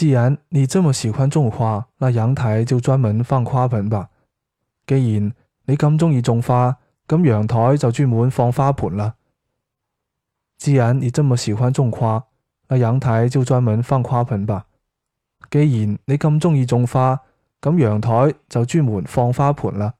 既然你這麼喜歡種花，那陽台就專門放花盆吧。既然你咁中意種花，咁陽台就專門放花盆啦。既然你這麼喜歡種花，那陽台就專門放花盆吧。既然你咁中意種花，咁陽台就專門放花盆啦。